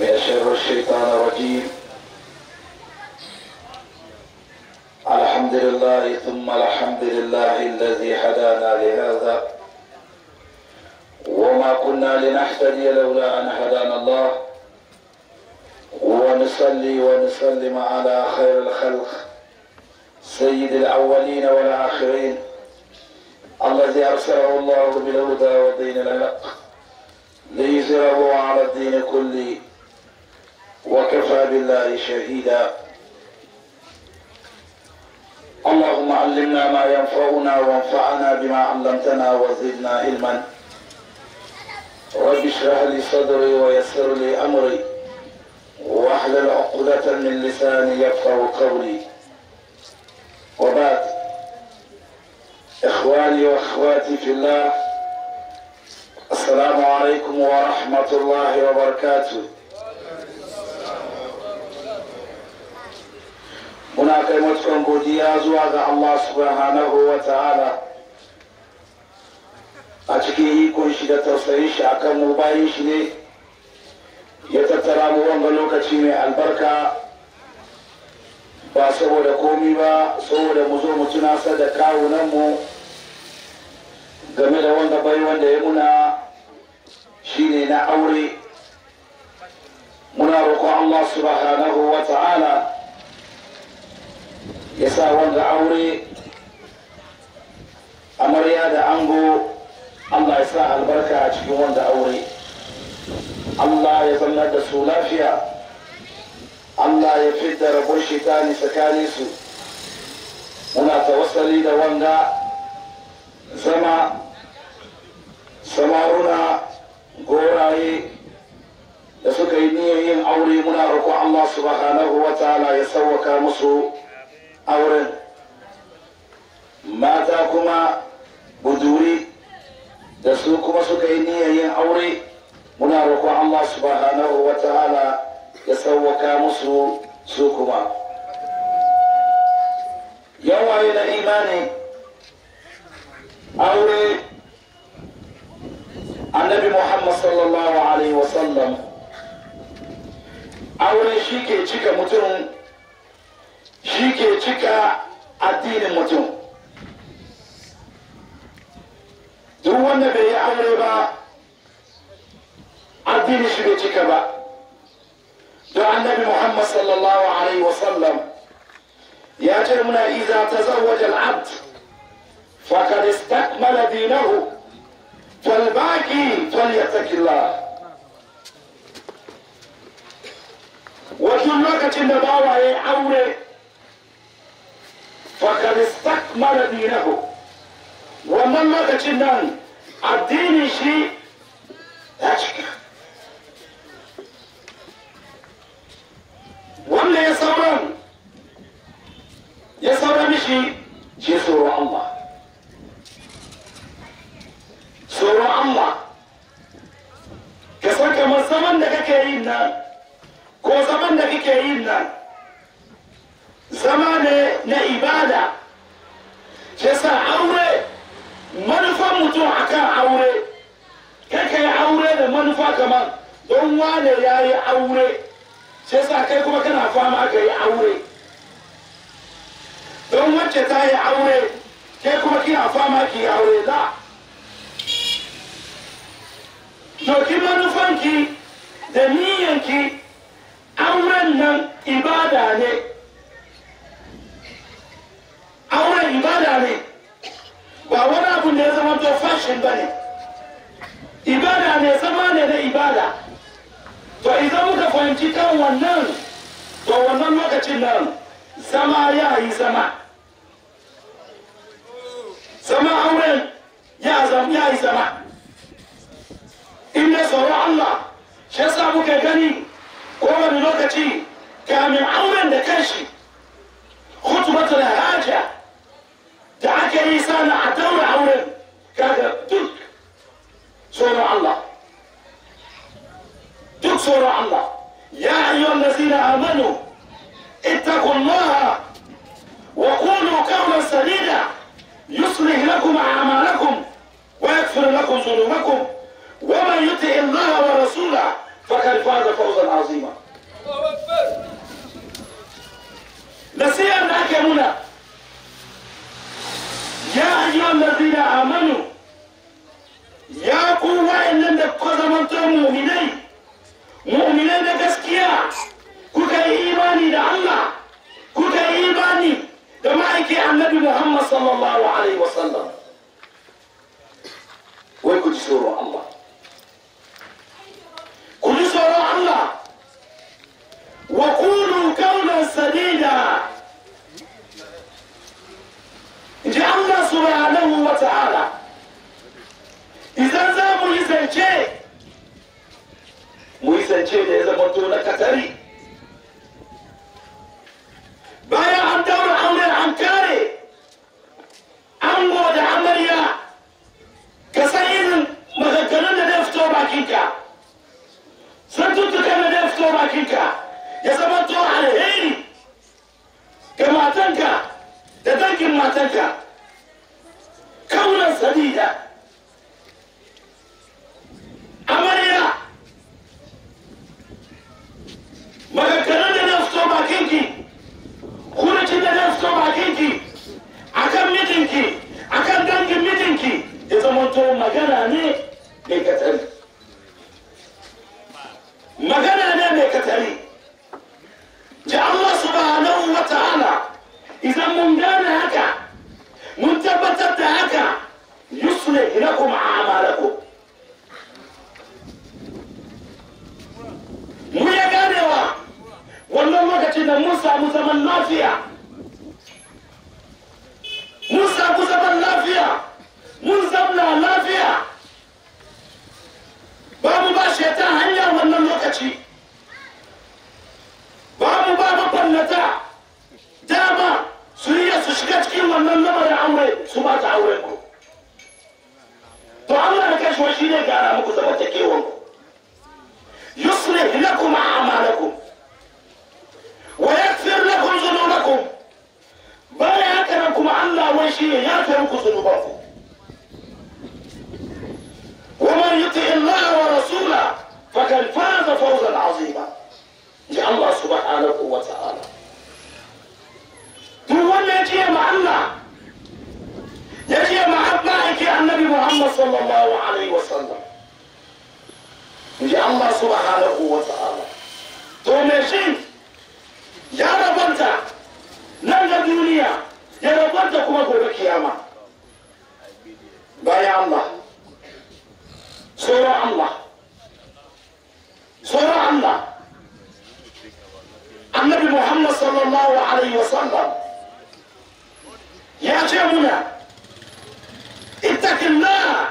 من شر الشيطان الرجيم الحمد لله ثم الحمد لله الذي هدانا لهذا وما كنا لنهتدي لولا أن هدانا الله ونصلي ونسلم على خير الخلق سيد الأولين والآخرين الذي أرسله الله بالهدى ودين الحق ليظهره على الدين كله وكفى بالله شهيدا اللهم علمنا ما ينفعنا وانفعنا بما علمتنا وزدنا علما رب اشرح لي صدري ويسر لي امري واحلل عقدة من لساني يفقه قولي وبعد اخواني واخواتي في الله السلام عليكم ورحمة الله وبركاته muna kai matukan godiya zuwa ga Allah subhanahu wa ta'ala a cikin ikon shi da tausayin shi akan mu bayan shi ne ya tattara mu wanga lokaci mai albarka ba saboda komi ba saboda mu zo mu tuna tunasar da mu game da wanda bai wanda ya muna shine na aure muna roƙon Allah subhanahu wa ta'ala ya sa wanda aure amarya da ango allah ya sa albarka a cikin wanda aure allah ya zanna da su lafiya allah ya fidda da rabon shekani tsakanin su muna tawassali da wanda zama samaruna goraye da suka yi niyyar yin aure muna roƙon allah subhanahu wa ta'ala ya sauwaka musu auren mata kuma buduri da su kuma suka yi niyyar yin aure muna roƙo Allah subhanahu wa ta'ala ya sauwaka musu su kuma yawaye na imani aure annabi muhammad sallallahu alaihi wasallam aure shi ke cika mutum shi ke cika addinin mutum duk wanda bai yi aure ba addini shi bai cika ba don annabi muhammad sallallahu alaihi wasallam ya ce muna iza ta zawaje al'abd fakar istakmala dinahu falbaki falyatakillah wasu lokacin da bawaye aure فقد استكمل دينه ومن ما تشنان الدين شيء تشك ومن يصبرن يصبرن شيء شيء سورة الله سورة الله كسر كما زمن لك كريم نان كو زمن لك كريم نان zama ne na ibada shi aure manufan mutum akan aure kai yi aure da manufa kamar don wane ya yi aure shi kai kuma kana fama ka yi aure don wacce ta yi aure kai kuma kina fama ki yi aure za doki manufanki da niyanki auren nan ibada ne amma ibada ne ba wani abu ne ya zama to fashin ba ne ibada ne zama ne na ibada to idan muka fahimci kan wannan to wannan lokacin nan zama ya yi zama zama auren ya yi zama in da tsoron Allah shi yasa muka gani kowane lokaci kamin auren da kanshi hutu mata da haja tacajaraysaana haddana haween kaaga dug soo raac allah dug soo raac allah yaa ayuha aladiina اتقوا الله وقولوا قولا سديدا يصلح لكم اعمالكم ويغفر لكم ذنوبكم ومن يطع الله ورسوله فقد فاز فوزا عظيما الله اكبر هنا ya ayyuhan ladina amanu ya ku wa'annan da kuka zamanto mu'minai mu'minai na gaskiya kuka yi imani da Allah kuka yi imani da ma'aiki annabi Muhammad sallallahu alaihi wasallam wai ku ji tsoron Allah ku ji tsoron Allah Allah subhanahu wa ta'ala idan za mu yi zance mu yi zance da ya zama tona katari bayan an daura auren an kare an gode amarya ka san irin maganganun da zai fito bakinka san santuttukan da zai fito bakinka ya zama to alheri ga matanka da dangin matanka sabida amarya maganganun da zai fito bakinki huracin da zai fito bakinki akan mijinki akan dangin mijinki ya zama to magana ne mai katari magana ne mai katari ji Allah subhanahu wa ta'ala idan mun gane haka mun tabbatar da haka يصلح ganewa wannan lokacin da mun samu zaman lafiya mun samu zaman lafiya mun zamna lafiya ba mu ba ta hanya wannan lokaci ba mu ba mafannata dama su riya su shiga cikin wannan lamarin aure su ba ta aure ku to Allah da kanshi shi ne gyara muku zamantakewan ku yuslih lakum a'malakum wa yaghfir lakum dhunubakum bala haka nan kuma Allah wai shi ne ya fi muku dhunubanku ومن يطع الله ورسوله فقد فاز فوزا عظيما يا الله سبحانه وتعالى duk wanda ya ce ma Allah ya ce ma محمد صلى الله عليه وسلم لأن الله سبحانه وتعالى تومشين يا رب أنت نجا الدنيا يا رب أنت كما قلت كياما بايا الله سورة الله سورة الله النبي محمد صلى الله عليه وسلم يا جميع اتق الله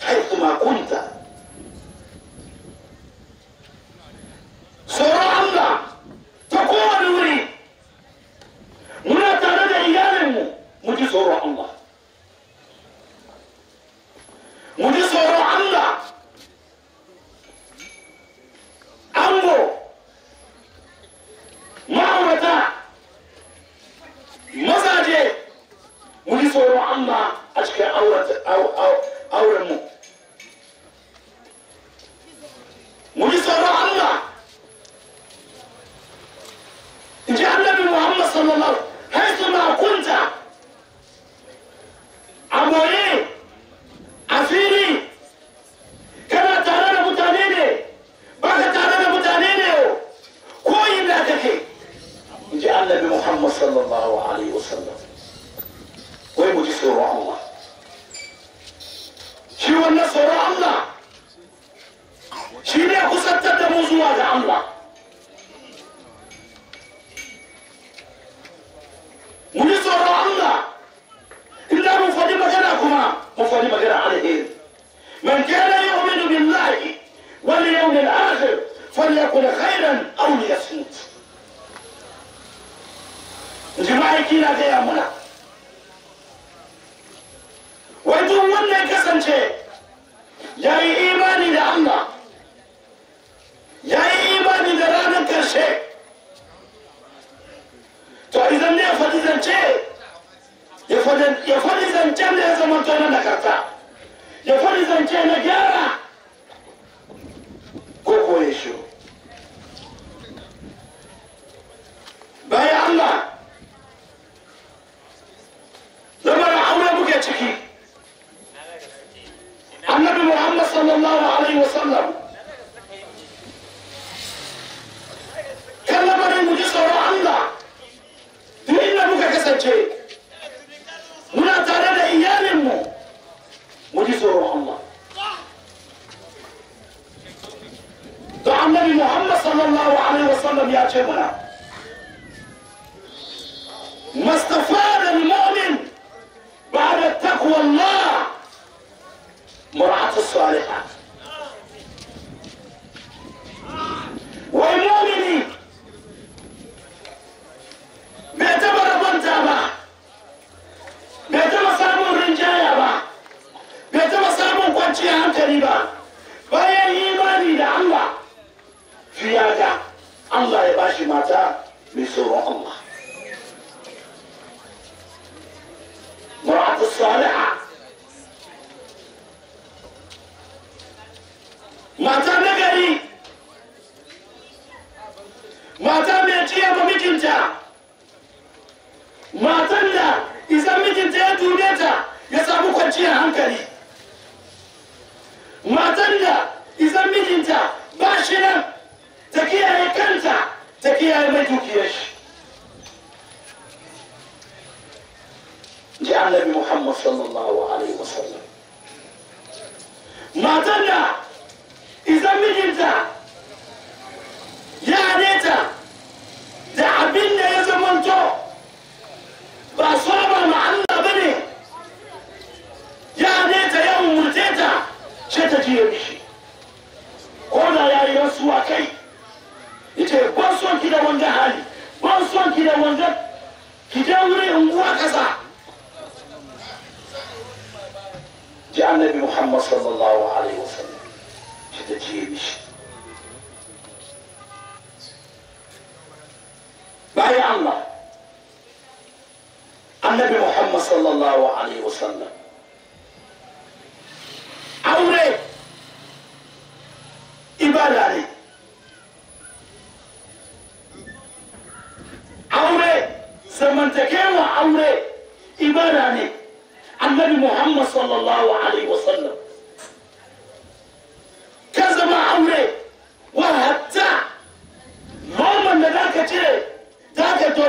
حيثما كنت سرعة الله تقوم نوري من تردى إيانه مجي سرعة الله مجي سرعة الله أمو ما هو ذا مجي سرعة الله اشكال او او او, أو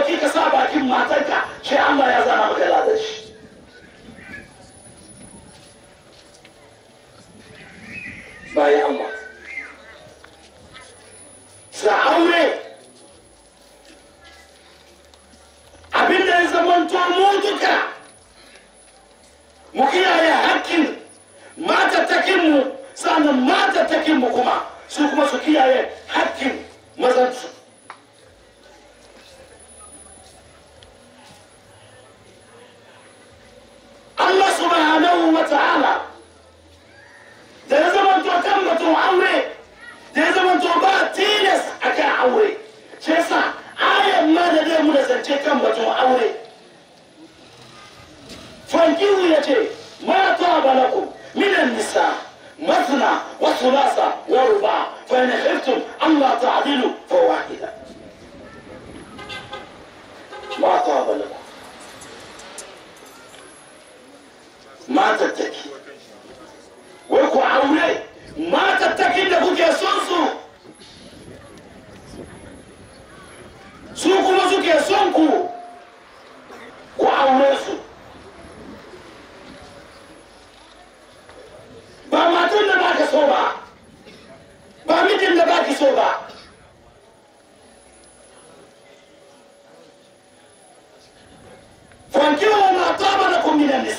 baki ka sa bakin matarka sai Allah ya zana maka ladar shi bayan Allah sa aure abinda ya zamanto mu duka mu kiyaye hakkin matatakinmu sannan mu kuma su kuma su kiyaye hakkin mazansu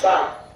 자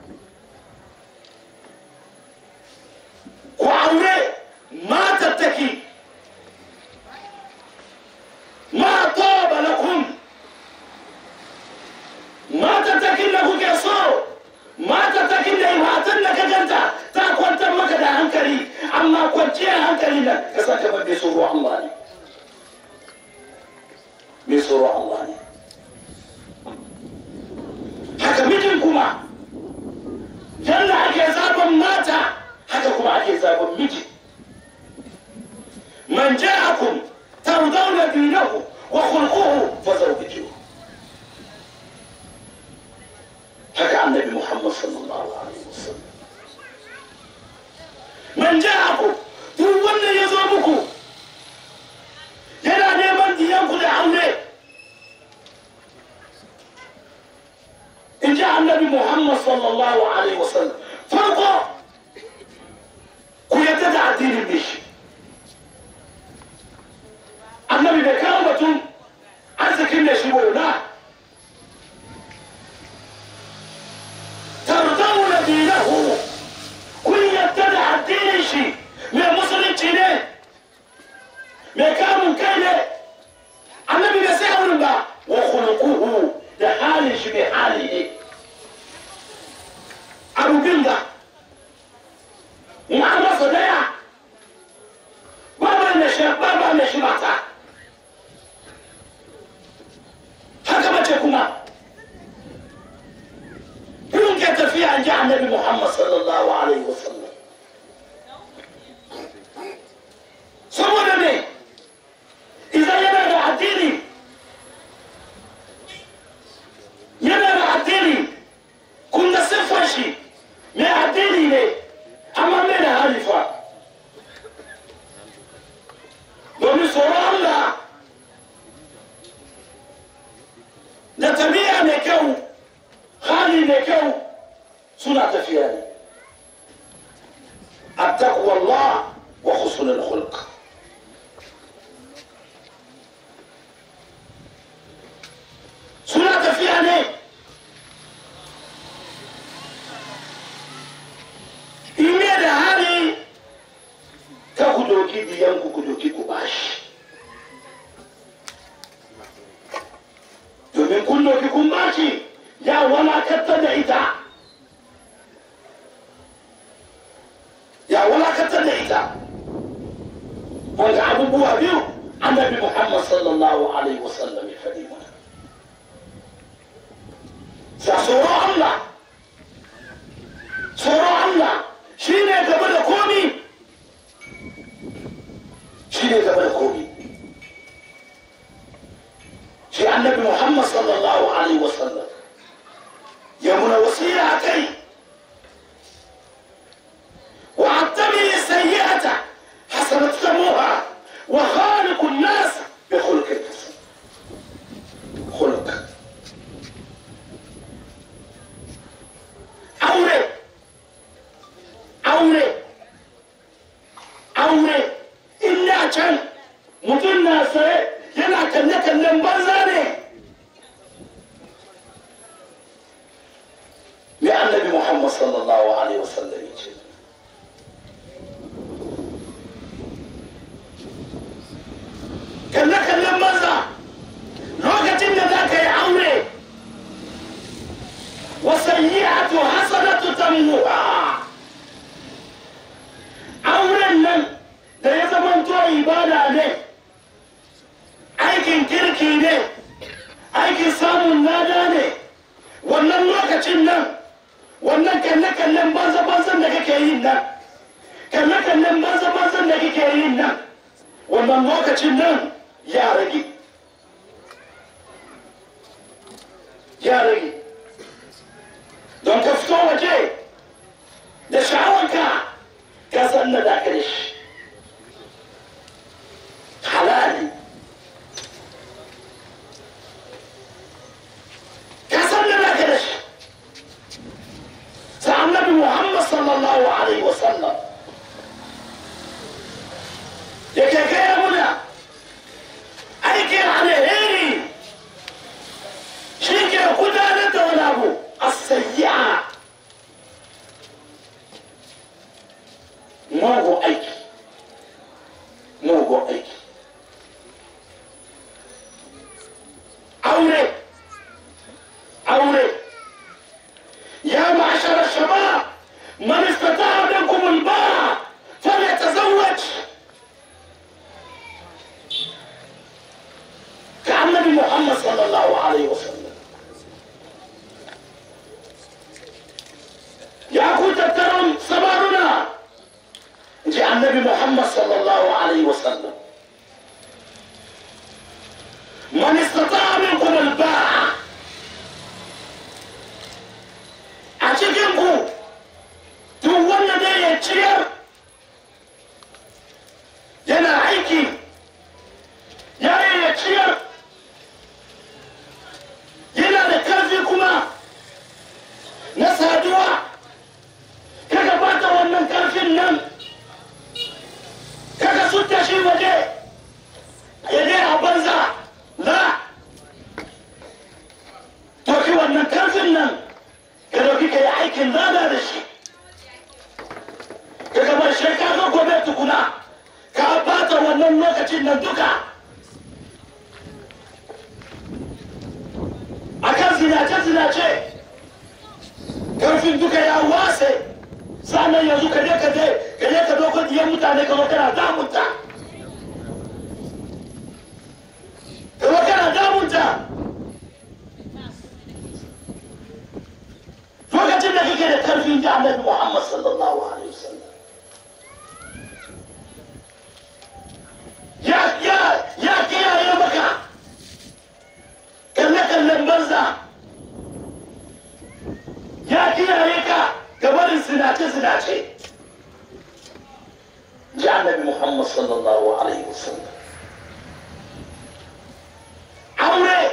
عليه وسلم الكريمه aikin samun lada ne wannan lokacin nan wannan kalle-kallen banza-banzan da kake yin nan kalle-kallen banza-banzan da kake yin nan wannan lokacin nan ya rage ya rage don ka fito waje da sha'awanka ka san na da shi الله عليه وسلم يتكامل أيكين على هيري شيكي قدانة دولابو السيئة mugu aiki mugu aiki aure aure النبي محمد صلى الله عليه وسلم من استطاع من ga barin zinace-zinace ji annabi muhammad sallallahu alaihi wasallam aure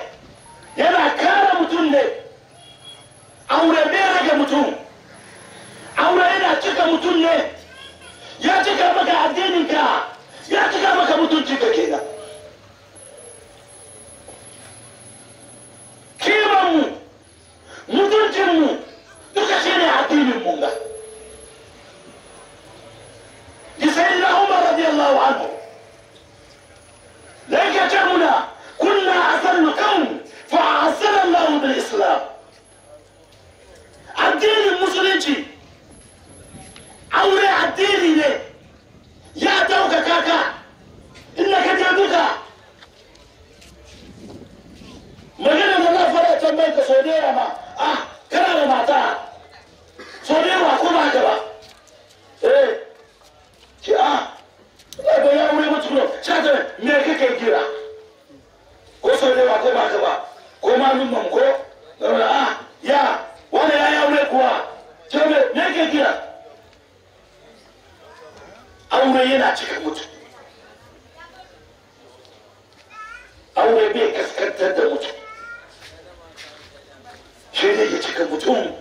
yana kare mutum ne aure bai rage mutum aure yana cika mutum ne ya cika maka addininka ya cika maka mutunci ka kenan kimanmu mutuncinmu duka shine addinin mun ga di sayyidina umar radiyallahu anhu لك جمنا كنا أسر قوم فأعزل الله بالإسلام الدين المسلمين أولي الدين ليه يا دوك كاكا إنك جادوك magana da na fara can mai ka so ne ma ah kana da mata sodewa ko ba haka ba eh ki a ah, ya ga ya wuri mutu no shata me kake gira ko so ko ba haka ba ko ma min mam ko da a ah, ya wani ya ya wuri kuwa ke me me kake gira aure yana cikin mutu aure bai kaskantar da mutu shi ne ya cika mutum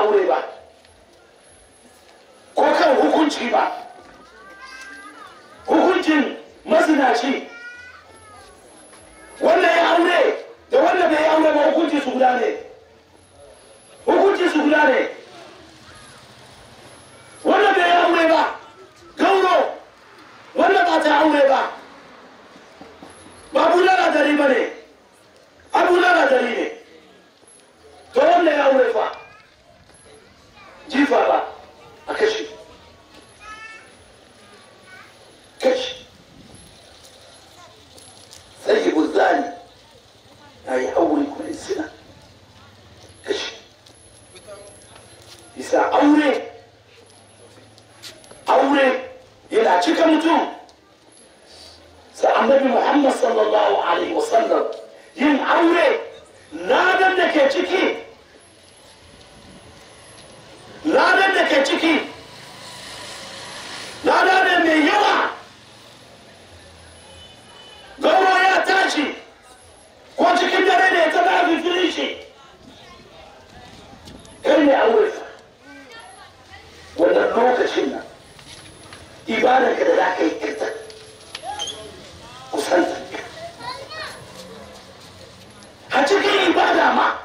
aure ba ko kan hukunci ba hukuncin mazinaci that you to. do 你说什么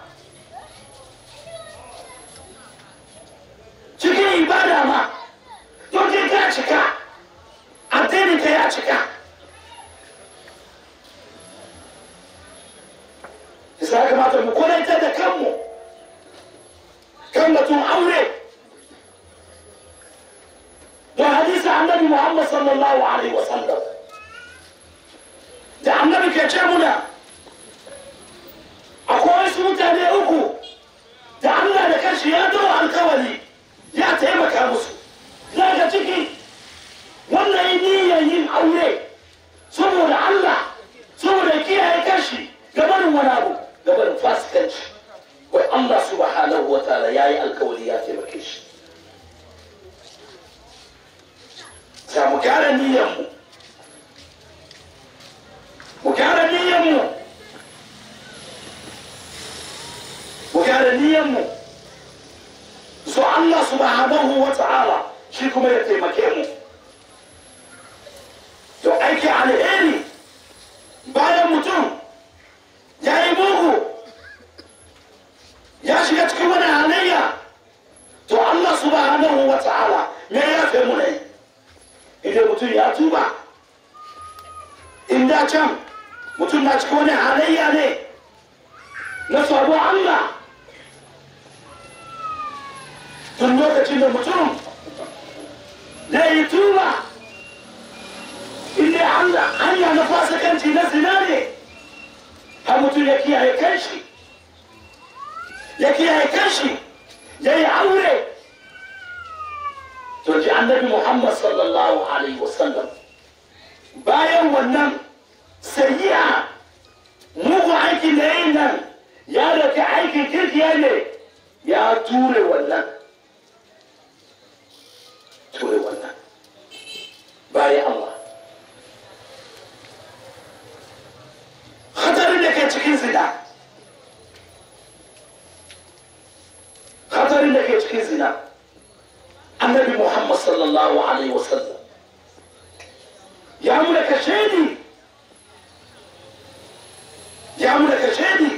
karatu ba in da can mutum na cikin wani halayya ne na sabo Allah tun lokacin da mutum zai yi tuba inda hanya na fasikanci na zina ne har mutum ya kiyaye kanshi ya kiyaye kanshi ya yi aure توجي عندك محمد صلى الله عليه وسلم بايم ونم سيا موغو عيكي لينم يا لك عيكي كيك يلي يعني. يا توري ونم توري ونم باي الله خطر لك تكين زنا خطر لك تكين زنا النبي محمد صلى الله عليه وسلم يا شادي يا يعمل شادي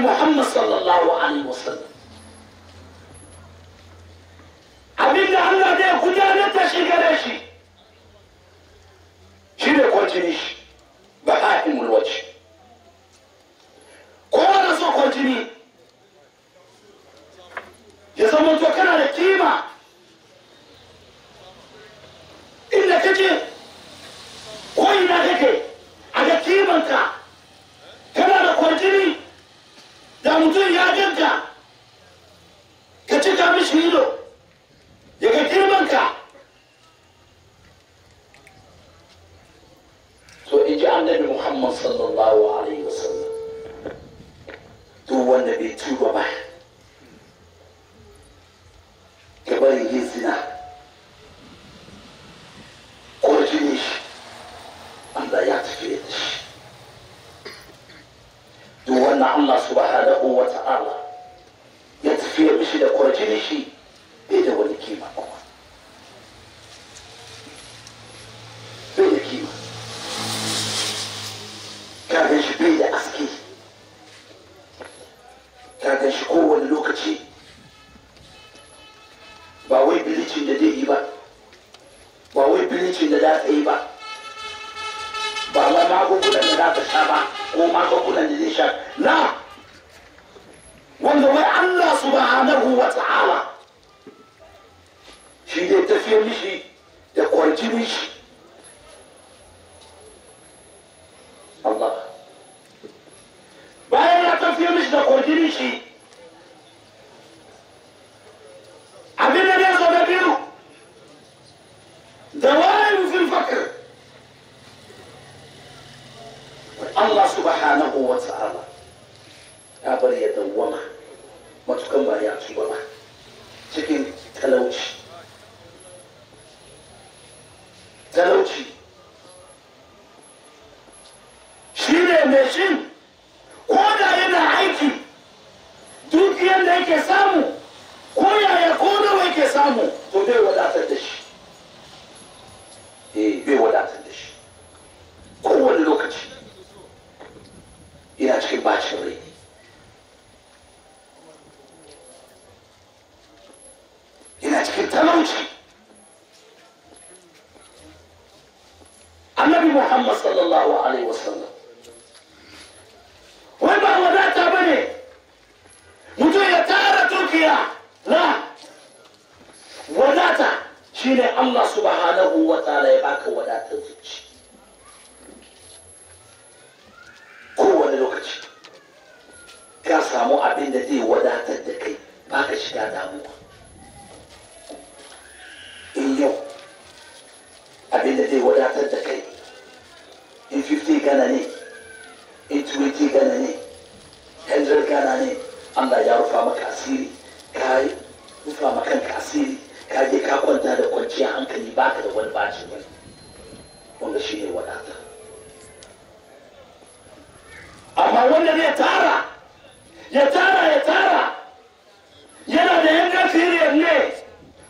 محمد wajenka ka cika mishi ido ya ga girmanka to in ji annabi muhammad sallallahu alaihi wasallam duk wanda bai tuba ba ka bari yin zina Allah ya tafi da shi duk wannan Allah subhanahu subhanahu wa ta'ala ya tafiya mishi da kwarjini shi bai da wani kima kuma bai da kima kagan shi bai da aski kagan shi kowane lokaci ba wai bilicin da dai yi ba ba wai bilicin da za ta yi ba ba ma magungunan da za ta sha ba ko magungunan da zai sha na wanda wai Allah subhanahu wa ta'ala shi ne tafiyar mishi da kwarjinin shi bayan ya tafiyar mishi da kwarjinin shi abin da ya zo da biyu da wayan fil fakir Allah subhanahu wa ta'ala ya bar ya dawwama matukan ba ya tsuba ba cikin talauci talauci shi ne mai shin ba shi ba wanda shi ne amma wanda zai tara ya tara ya tara yana da yanka siriyar ne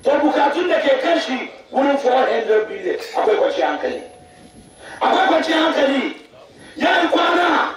to bukatun da ke kashi shi wurin 400 billion akwai kwanciyar hankali akwai hankali ya yi kwana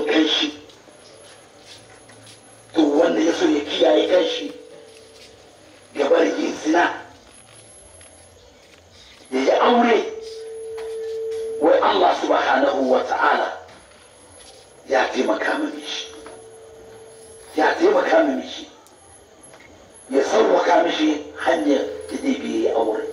son kanshi to wanda ya so ya kiyaye kanshi gabar yin zina ya yi aure wai Allah subhanahu wa ta'ala ya taimaka mini shi ya taimaka mini shi ya sauwaka mishi hanyar da zai biye aure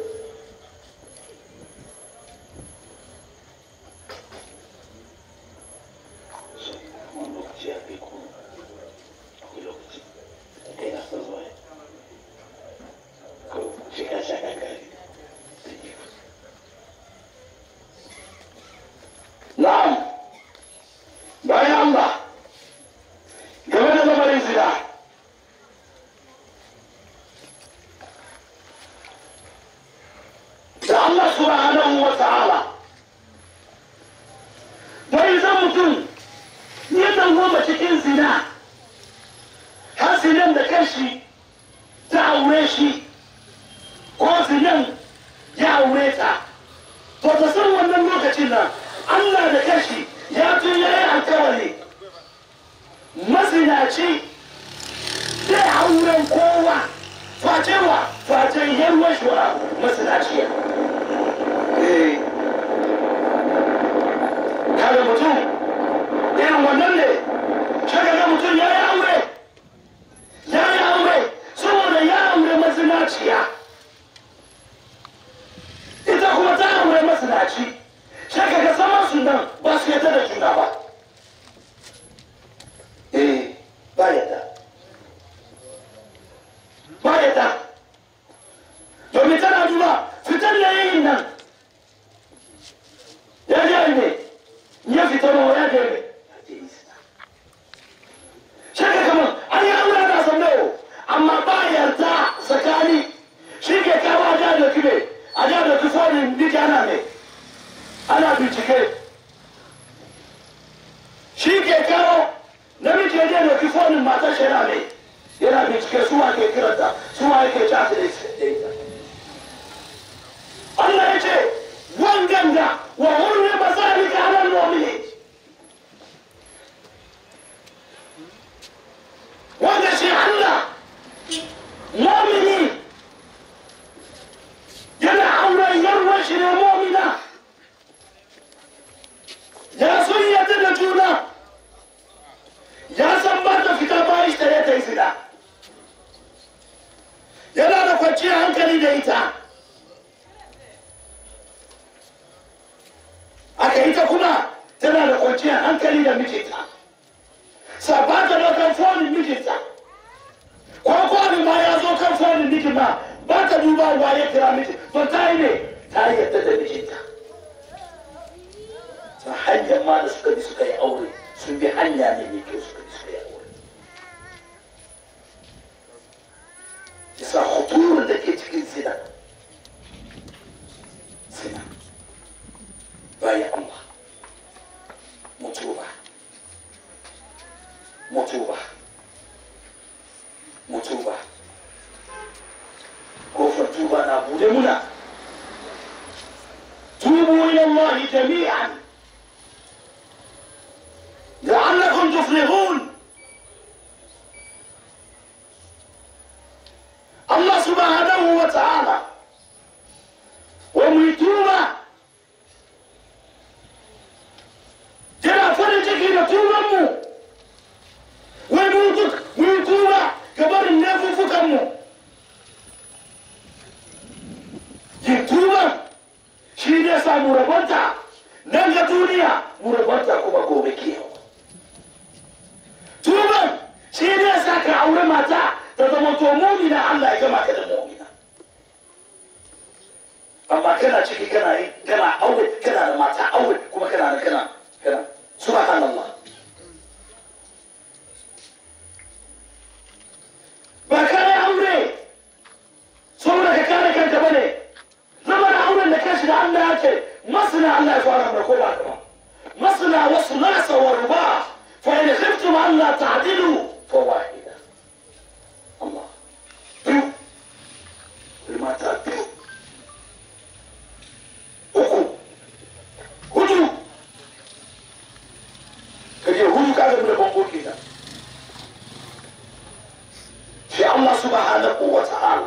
yi hankali da ita aka ita kuma tana da kwanciyar hankali da mijinta sabata da kan fonin mijinta ko kwanin ma ya zo kan fonin mijin ma ba ta duba wa ya kira miji to ta yi ne ta yadda da mijinta ta hanyar ma da suka bi suka yi aure sun bi hanya ne ne ke suka zamanto mumina Allah ya gama ka da mumina amma kana ciki kana yi kana aure kana da mata aure kuma kana da kana kana subhanallah ba kana aure saboda ka kare kanka bane zama da auren da kashi da Allah ya ce masana Allah ya fara da ko ba ka ba masana wasu nasa wa ruba fa in khiftum Allah ta'dilu fa wahid سبحانه وتعالى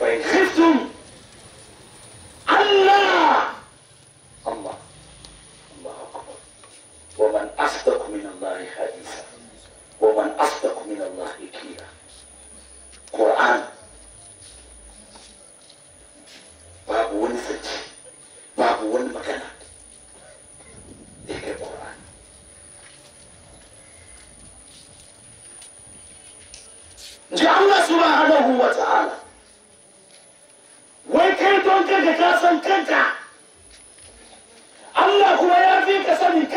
فإن خفتم ألا الله الله أكبر ومن أصدق من الله خير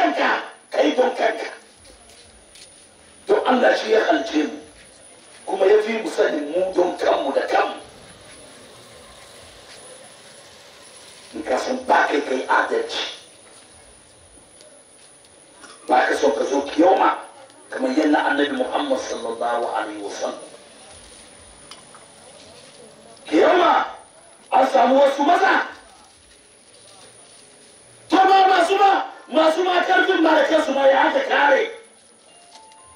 kanka ka yi kanka to Allah shi ya halce mu kuma ya fi mu sani mu don kanmu da kanmu in ka san ba kai kai adalci ba ka so ka zo kiyoma kamar yadda annabi Muhammad sallallahu alaihi wasallam kiyoma an samu wasu maza in da kansu ba ya aka kare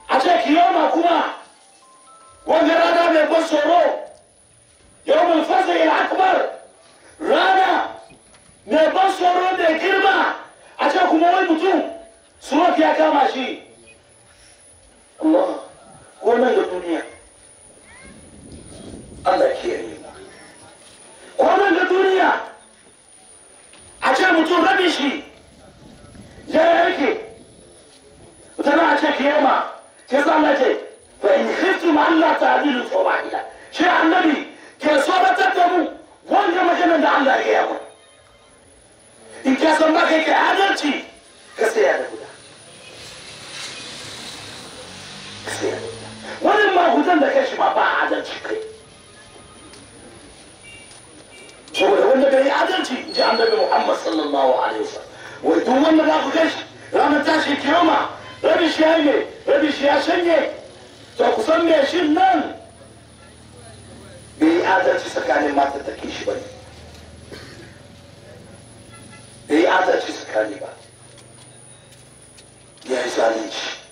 a ce kiyoma kuma wannan rana mai ban tsoro yau mai fasa ya akbar rana mai ban tsoro da girma a ce kuma wai mutum surot ya kama shi wannan da duniya Allah ke yi da duniya a ce mutum rabin shi ya yake tana ce ke ma ke zalla ce fa in khiftum Allah ta'dilu fa wahida shi annabi ke so batar da mu wanda maganar da Allah ya yi in ka san ba kai ke adalci ka tsaya da guda ka tsaya da wannan ma hudan da kai shi ma ba adalci kai saboda wanda bai yi adalci ji annabi Muhammad sallallahu alaihi wasallam wai duk wanda za ku gashi ranar tashin kiyama rabi shi ya ne rabi shi ya shanye to ku san me shin nan bai yi ta ba bai yi ba ya